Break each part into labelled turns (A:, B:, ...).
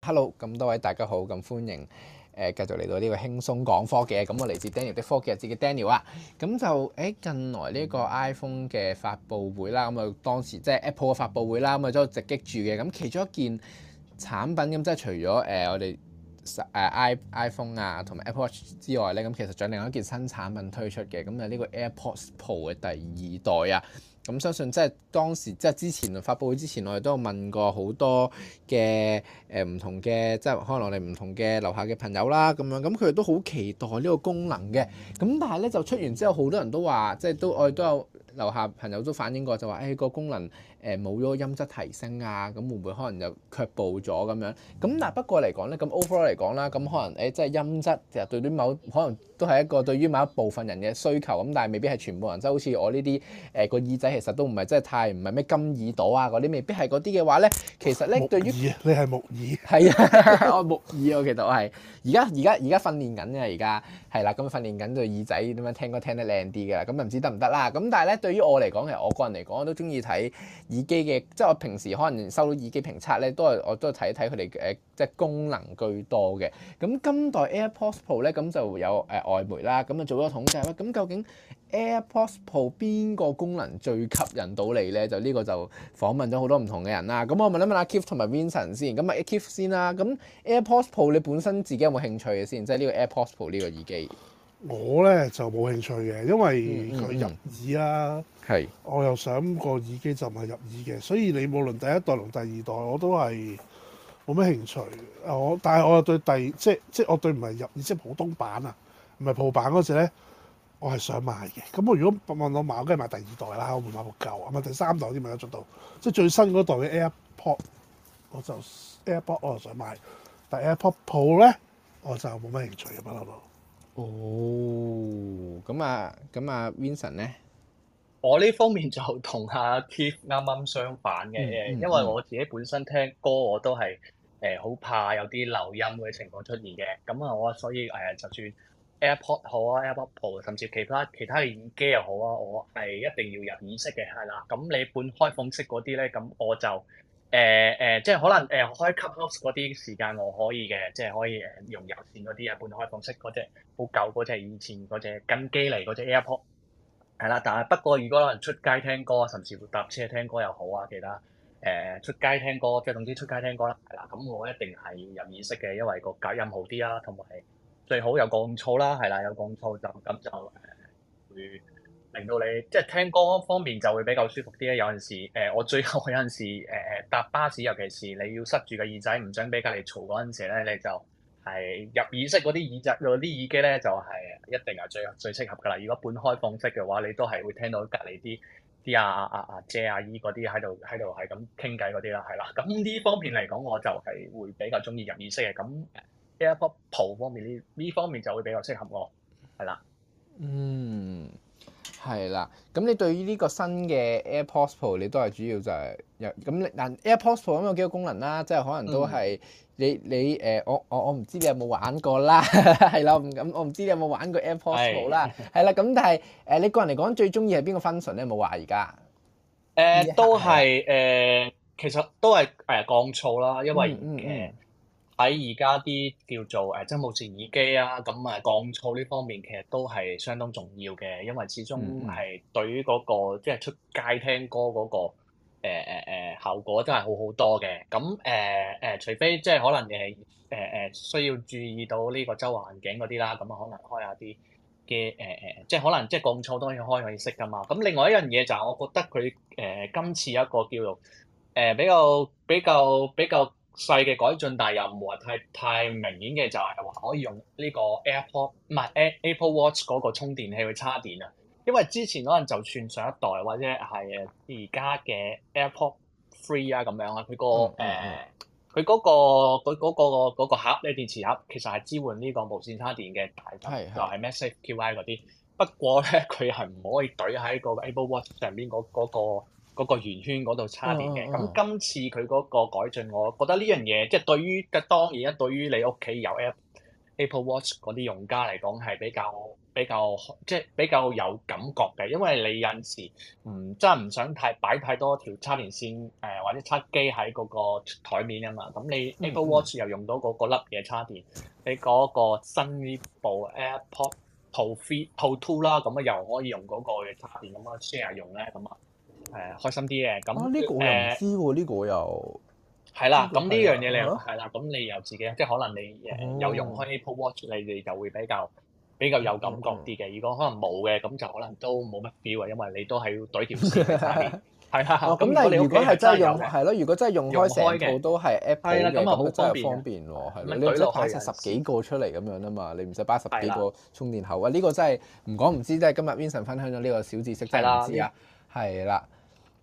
A: Hello，咁多位大家好，咁歡迎誒、呃，繼續嚟到呢、這個輕鬆講科技。咁我嚟自 Daniel 的科技日誌嘅 Daniel 啊，咁就誒、欸，近來呢個 iPhone 嘅發布會啦，咁、嗯、啊當時即係 Apple 嘅發布會啦，咁、嗯、啊都直擊住嘅。咁、嗯、其中一件產品咁、嗯、即係除咗誒、呃、我哋誒、啊、iPhone 啊，同埋 Apple Watch 之外咧，咁、嗯、其實仲有另外一件新產品推出嘅，咁就呢個 AirPods Pro 嘅第二代啊。咁、嗯、相信即係當時即係之前發布會之前，我哋都有問過好多嘅誒唔同嘅，即係可能我哋唔同嘅樓下嘅朋友啦，咁樣咁佢哋都好期待呢個功能嘅。咁但係咧就出完之後好多人都話，即係都我哋都有。樓下朋友都反映過就話誒個功能誒冇咗音質提升啊，咁會唔會可能又卻步咗咁樣？咁但不過嚟講咧，咁 overall 嚟講啦，咁可能誒即係音質其實對於某可能都係一個對於某一部分人嘅需求，咁但係未必係全部人，即係好似我呢啲誒個耳仔其實都唔係真係太唔係咩金耳朵啊嗰啲，未必係嗰啲嘅話咧，其實咧對於耳你係木耳係啊，我木耳我其實我係而家而家而家訓練緊嘅而家係啦，咁訓練緊對耳仔點樣聽歌聽得靚啲㗎啦，咁唔知得唔得啦？咁但係咧。對於我嚟講，其實我個人嚟講，我都中意睇耳機嘅，即係我平時可能收到耳機評測咧，都係我都睇一睇佢哋誒，即係功能居多嘅。咁今代 AirPods Pro 咧，咁就有誒外媒啦，咁啊做咗統計啦。咁究竟 AirPods Pro 邊個功能最吸引到你咧？就呢個就訪問咗好多唔同嘅人啦。咁我問一問阿 Keith 同埋 Vincent 先。咁啊，Keith 先啦。咁 AirPods Pro 你本身自己有冇興趣嘅先？即係呢個 AirPods Pro 呢個耳機。我咧就冇興趣嘅，因為佢入耳啊，嗯嗯、我又想個耳機就唔係入耳嘅，所以你無論第一代同第二代我都係冇咩興趣。我但係我又對第即即，即我對唔係入耳，即普通版啊，唔係 Pro 版嗰陣咧，我係想買嘅。咁我如果問我買，我梗係買第二代啦，我唔買部舊，唔係第三代嗰啲咪有做到。即最新嗰代嘅 AirPod，我就 AirPod 我就想買，但 AirPod Pro 咧我就冇咩興趣嘅，不嬲都。哦，咁、oh，啊，咁啊，Vincent 咧，我呢方面就同
B: 阿 Keith 啱啱相反嘅，嗯嗯嗯，因為我自己本身聽歌我都係誒好怕有啲漏音嘅情況出現嘅，咁啊我所以誒、呃、就算 AirPod 好啊 AirPod，甚至其他其他嘅耳機又好啊，我係一定要入耳式嘅，係啦，咁你半開放式嗰啲咧，咁我就。誒誒、呃呃，即係可能誒、呃、開 close 嗰啲時間我可以嘅，即係可以誒、呃、用有線嗰啲啊，半開放式嗰隻好舊嗰隻以前嗰隻緊機嚟嗰隻 AirPods 係啦，但係不過如果有人出街聽歌，甚至乎搭車聽歌又好啊，其他誒、呃、出街聽歌，即係總之出街聽歌啦，係啦，咁我一定係有意識嘅，因為個隔音好啲啦，同埋最好有降噪啦，係啦，有降噪就咁就誒、呃、會。令到你即係聽歌方面就會比較舒服啲咧。有陣時，誒、呃，我最後有陣時，誒、呃、誒，搭巴士，尤其是你要塞住個耳仔，唔想俾隔籬嘈嗰陣時咧，你就係、呃、入耳式嗰啲耳仔嗰啲耳機咧，就係、是、一定係最最適合噶啦。如果半開放式嘅話，你都係會聽到隔籬啲啲啊啊啊阿、啊、姐阿、啊、姨嗰啲喺度喺度係咁傾偈嗰啲啦，係啦。咁呢方面嚟講，我就係會比較中意入耳式嘅。咁 AirPods Pro 方面呢呢方面就會比較適合我，
A: 係啦。嗯。Mm. 係啦，咁你對於呢個新嘅 AirPods Pro，你都係主要就係有咁。嗱 AirPods Pro 咁有幾個功能啦，即係可能都係、嗯、你你誒，我我我唔知你有冇玩過啦，係 咯。咁我唔知你有冇玩過 AirPods Pro 啦，係啦。咁但係誒，你個人嚟講最中意係邊個 function？咧？冇話而家。
B: 誒、呃，都係誒、呃，其實都係誒降噪啦，因為嗯。嗯嗯喺而家啲叫做誒真、呃、無線耳機啊，咁啊降噪呢方面其實都係相當重要嘅，因為始終係對於嗰、那個即係、就是、出街聽歌嗰、那個誒誒、呃呃、效果都係好好多嘅。咁誒誒，除非即係可能你係誒誒誒，需要注意到呢個周圍環境嗰啲啦，咁、嗯、啊可能開下啲嘅誒誒，即係可能即係降噪都可以開可以識㗎嘛。咁、嗯、另外一樣嘢就係我覺得佢誒、呃、今次一個叫做誒比較比較比較。比較比較細嘅改進，但又唔話太太明顯嘅，就係話可以用呢個 AirPod 唔、啊、係 Apple Watch 嗰個充電器去插電啊。因為之前可能就算上一代或者係而家嘅 AirPod Three 啊咁樣啊，佢、那個誒佢嗰個嗰嗰、嗯那個、那個那個盒咧、那個、電池盒，其實係支援呢個無線插電嘅，大就係 Massive Qi 嗰啲。不過咧，佢係唔可以懟喺個 Apple Watch 上邊嗰嗰個。那個那個嗰個圓圈嗰度叉電嘅，咁今、uh, uh, uh, 次佢嗰個改進，我覺得呢樣嘢即係對於嘅當然啦，對於你屋企有 Apple, Apple Watch 嗰啲用家嚟講係比較比較即係比較有感覺嘅，因為你有時唔、嗯、真係唔想太擺太多條叉電線誒、呃，或者叉機喺嗰個台面啊嘛。咁你 Apple Watch 又用到嗰、嗰個粒嘢叉電，你嗰個新呢部 AirPods Pro 2啦，咁啊又可以用嗰個嘅叉電咁樣 share 用咧，咁啊～誒，開心啲嘅咁呢個又唔知
A: 喎，呢個又係啦。咁呢樣嘢你
B: 係啦，咁你又自己即係可能你有用開 Apple Watch 你哋就會比較比較有感覺啲嘅。如果可能冇嘅，咁就可能都冇乜 feel 啊，因為你都係要懟條
A: 線下面。係啦，咁但係如果係真係用係咯，如果真係用開成部都係 Apple 用，好方便，方便喎。你唔使擺十幾個出嚟咁樣啊嘛，你唔使擺十幾個充電口啊。呢個真係唔講唔知，即係今日 Vincent 分享咗呢個小知識俾我知啊。係啦。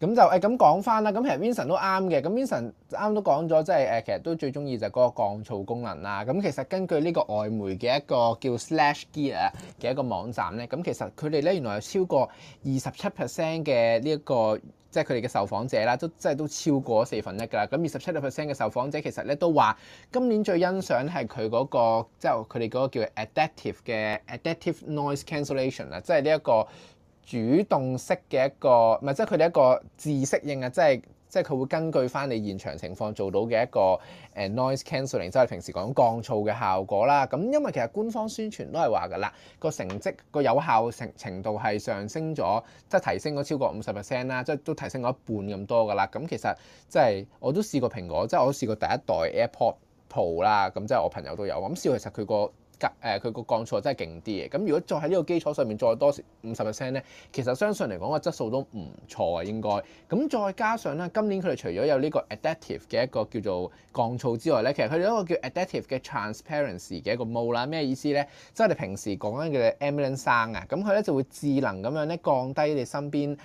A: 咁就誒咁講翻啦，咁其實 Vincent 都啱嘅，咁 Vincent 啱都講咗，即係誒其實都最中意就係嗰個降噪功能啦。咁其實根據呢個外媒嘅一個叫 Slash Gear 嘅一個網站咧，咁其實佢哋咧原來有超過二十七 percent 嘅呢一個，即係佢哋嘅受訪者啦，都即係都超過四分一㗎啦。咁二十七 percent 嘅受訪者其實咧都話今年最欣賞係佢嗰個，即係佢哋嗰個叫 Adaptive 嘅 Adaptive Noise Cancellation 啊，即係呢一個。主動式嘅一個，唔係即係佢哋一個自適應啊，即係即係佢會根據翻你現場情況做到嘅一個誒 noise cancelling，即係平時講降噪嘅效果啦。咁因為其實官方宣傳都係話噶啦，個成績、個有效成程度係上升咗，即係提升咗超過五十 percent 啦，即係都提升咗一半咁多噶啦。咁其實即係、就是、我都試過蘋果，即、就、係、是、我都試過第一代 AirPods Pro 啦，咁即係我朋友都有，咁、嗯、試過其實佢個。誒佢個降噪真係勁啲嘅，咁如果再喺呢個基礎上面再多五十 percent 咧，其實相信嚟講個質素都唔錯啊。應該。咁再加上咧，今年佢哋除咗有呢個 adaptive 嘅一個叫做降噪之外咧，其實佢哋有一個叫 adaptive 嘅 transparency 嘅一個 mode 啦，咩意思咧？即係你平時講緊嘅 ambient sound 啊，咁佢咧就會智能咁樣咧降低你身邊。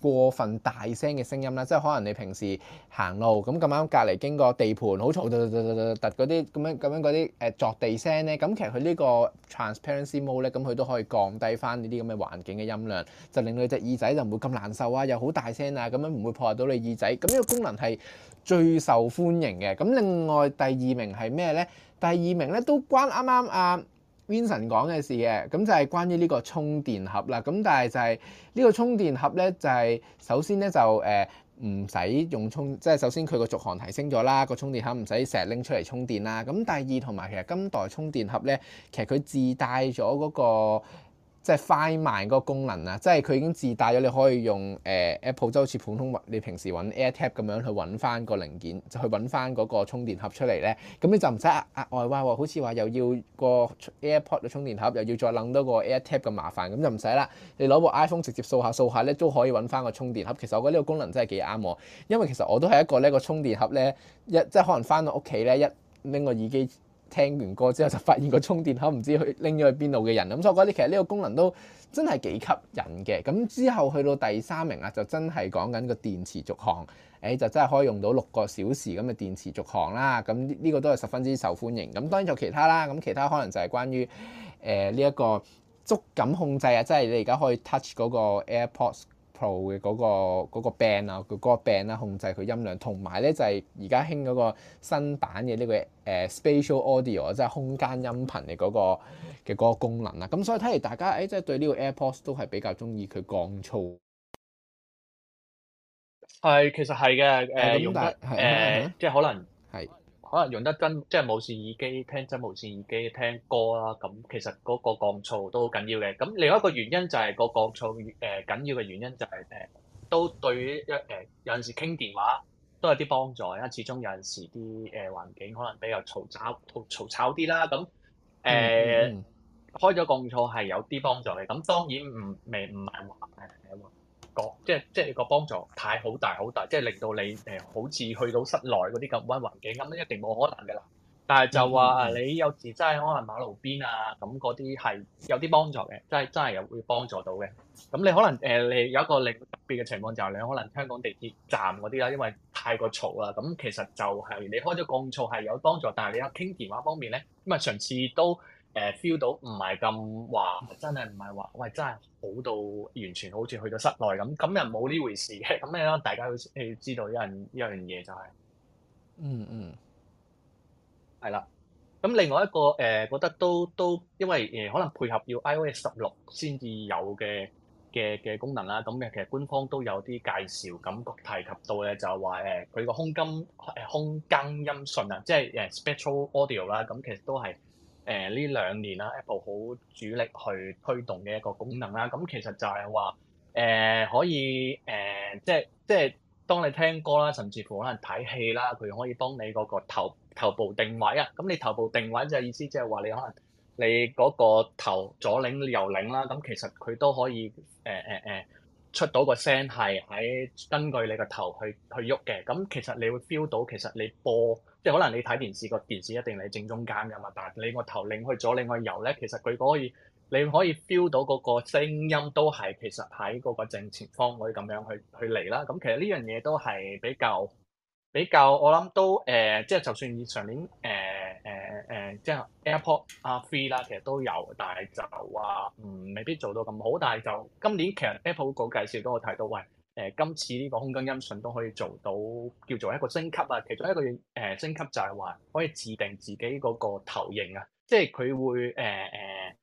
A: 過分大聲嘅聲音啦，即係可能你平時行路咁咁啱隔離經過地盤好嘈突突突突突突嗰啲咁樣咁樣嗰啲誒作地聲咧，咁其實佢呢個 transparency mode 咧，咁佢都可以降低返呢啲咁嘅環境嘅音量，就令到你隻耳仔就唔會咁難受啊，又好大聲啊，咁樣唔會破壞到你耳仔。咁呢個功能係最受歡迎嘅。咁另外第二名係咩咧？第二名咧都關啱啱啊！Vincent 講嘅事嘅，咁就係關於呢個充電盒啦。咁但係就係呢個充電盒咧，就係首先咧就誒唔使用充，即係首先佢個續航提升咗啦，個充電盒唔使成日拎出嚟充電啦。咁第二同埋其實今代充電盒咧，其實佢自帶咗嗰個。即係 Find My 嗰個功能啊，即係佢已經自帶咗，你可以用誒 Apple，即係好似普通你平時揾 AirTag 咁樣去揾翻個零件，就去揾翻嗰個充電盒出嚟咧。咁你就唔使額外哇，好似話又要個 AirPod 嘅充電盒，又要再諗多個 AirTag 咁麻煩，咁就唔使啦。你攞部 iPhone 直接掃下掃下咧，都可以揾翻個充電盒。其實我覺得呢個功能真係幾啱，因為其實我都係一個咧、呢個充電盒咧一即係可能翻到屋企咧一拎個耳機。聽完歌之後就發現個充電口唔知去拎咗去邊度嘅人，咁所以我覺得其實呢個功能都真係幾吸引嘅。咁之後去到第三名啊，就真係講緊個電池續航，誒就真係可以用到六個小時咁嘅電池續航啦。咁呢個都係十分之受歡迎。咁當然仲有其他啦，咁其他可能就係關於誒呢一個觸感控制啊，即係你而家可以 touch 嗰個 AirPods。Pro 嘅嗰個嗰個 band 啊，佢嗰個 band 啦，控制佢音量，同埋咧就係而家興嗰個新版嘅呢個誒 spatial audio，即係空間音頻嘅嗰個嘅嗰個功能啦。咁所以睇嚟大家誒即係對呢個 AirPods 都係比較中意佢降噪。係其實
B: 係嘅。誒，用得誒，即係可能係。可能用得真，即係無線耳機聽真無線耳機聽歌啦，咁其實嗰個降噪都好緊要嘅。咁另外一個原因就係個降噪誒緊、呃、要嘅原因就係、是、誒、呃、都對於一、呃呃、有陣時傾電話都有啲幫助，因為始終有陣時啲誒、呃、環境可能比較嘈吵嘈吵啲啦。咁
A: 誒、呃 mm
B: hmm. 開咗降噪係有啲幫助嘅。咁、呃、當然唔未唔係話誒話。即係即係個幫助太好大好大，即係令到你誒、呃、好似去到室內嗰啲咁溫環境，咁一定冇可能嘅啦。但係就話你有時真係可能馬路邊啊，咁嗰啲係有啲幫助嘅，真係真係又會幫助到嘅。咁你可能誒、呃、你有一個特別嘅情況就係你可能香港地鐵站嗰啲啦，因為太過嘈啦。咁其實就係你開咗降噪係有幫助，但係你有傾電話方面咧，咁啊上次都。誒 feel、呃、到唔係咁話，真係唔係話，喂，真係好到完全好似去到室內咁，咁又冇呢回事嘅，咁樣大家要要知道一樣一樣嘢就係、
A: 是嗯，
B: 嗯嗯，係啦，咁另外一個誒、呃、覺得都都因為誒、呃、可能配合要 iOS 十六先至有嘅嘅嘅功能啦，咁、嗯、其實官方都有啲介紹，感覺提及到咧就係話誒佢個空間空間音訊啊，即係誒 Spatial Audio 啦、嗯，咁其實都係。誒呢兩年啦，Apple 好主力去推動嘅一個功能啦，咁其實就係話誒可以誒、呃，即係即係當你聽歌啦，甚至乎可能睇戲啦，佢可以幫你嗰個頭頭部定位啊。咁你頭部定位就係意思即係話你可能你嗰個頭左擰右擰啦，咁其實佢都可以誒誒誒。呃呃呃出到個聲係喺根據你個頭去去喐嘅，咁其實你會 feel 到其實你播，即係可能你睇電視，個電視一定係正中間㗎嘛，但係你個頭擰去左，擰去右咧，其實佢可以，你可以 feel 到嗰個聲音都係其實喺嗰個正前方，可以咁樣去去嚟啦。咁其實呢樣嘢都係比較。比較我諗都誒、呃，即係就算上年誒誒誒，即係 AirPods 啊3啦，3，其實都有，但係就話唔未必做到咁好。但係就今年其實 Apple 個介紹都我睇到，喂誒、呃，今次呢個空間音訊都可以做到叫做一個升級啊。其中一個誒升級就係話可以自定自己嗰個投影啊，即係佢會誒誒、呃呃，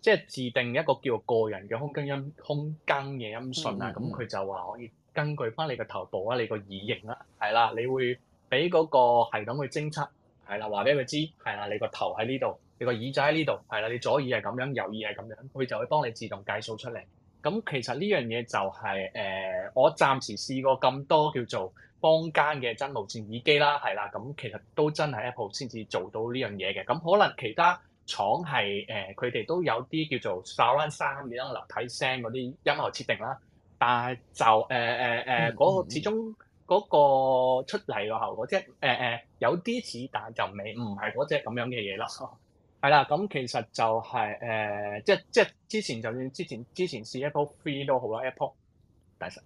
B: 即係自定一個叫做個人嘅空間音空間嘅音訊啊。咁佢就話可以。嗯根據翻你個頭部啊，你個耳形啦，係啦，你會俾嗰、那個系統去偵測，係啦，話俾佢知，係啦，你個頭喺呢度，你個耳仔喺呢度，係啦，你左耳係咁樣，右耳係咁樣，佢就會幫你自動計數出嚟。咁其實呢樣嘢就係、是、誒、呃，我暫時試過咁多叫做坊間嘅真無線耳機啦，係啦，咁其實都真係 Apple 先至做到呢樣嘢嘅。咁可能其他廠係誒，佢、呃、哋都有啲叫做 Soundbar 嘅嗱，立體聲嗰啲音效設定啦。但係就誒誒誒嗰個始終嗰個出嚟個效果，即係誒誒有啲似，但就未唔係嗰隻咁樣嘅嘢咯。係啦，咁其實就係誒，即即係之前就算之前之前試 Apple Free 都好啦，Apple，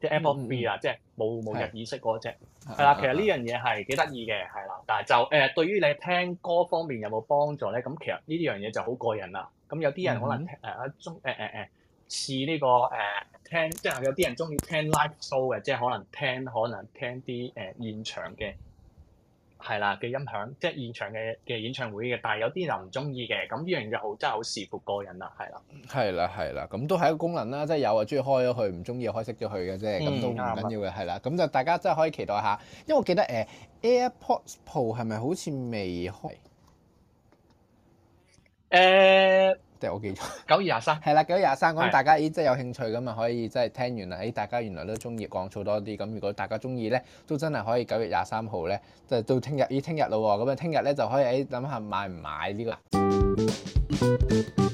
B: 即係 Apple Free 啊，即係冇冇入耳式嗰隻。係啦，其實呢樣嘢係幾得意嘅，係啦。但係就誒，對於你聽歌方面有冇幫助咧？咁其實呢樣嘢就好個人啦。咁有啲人可能誒中誒誒誒。似呢、這個誒、呃、聽，即係有啲人中意聽 live show 嘅，即係可能聽，可能聽啲誒、呃、現場嘅係啦嘅音響，即係現場嘅嘅演唱會嘅。但係有啲人唔中意嘅，咁呢樣嘢好真係好視乎個人啦，係啦。
A: 係啦，係啦，咁都係一個功能啦，即有、嗯、係有啊，中意開咗佢，唔中意開熄咗佢嘅啫，咁都唔緊要嘅，係啦。咁就大家真係可以期待下，因為我記得誒、呃、AirPods Pro 係咪好似未開？誒。Uh, 即係我記錯，九月廿三係啦，九 月廿三的。咁大家咦，真係有興趣咁咪可以真係聽完啦。誒，大家原來都中意講錯多啲。咁如果大家中意咧，都真係可以九月廿三號咧，就到聽日咦，聽日咯喎。咁啊，聽日咧就可以誒，諗、哎、下買唔買呢、呢個？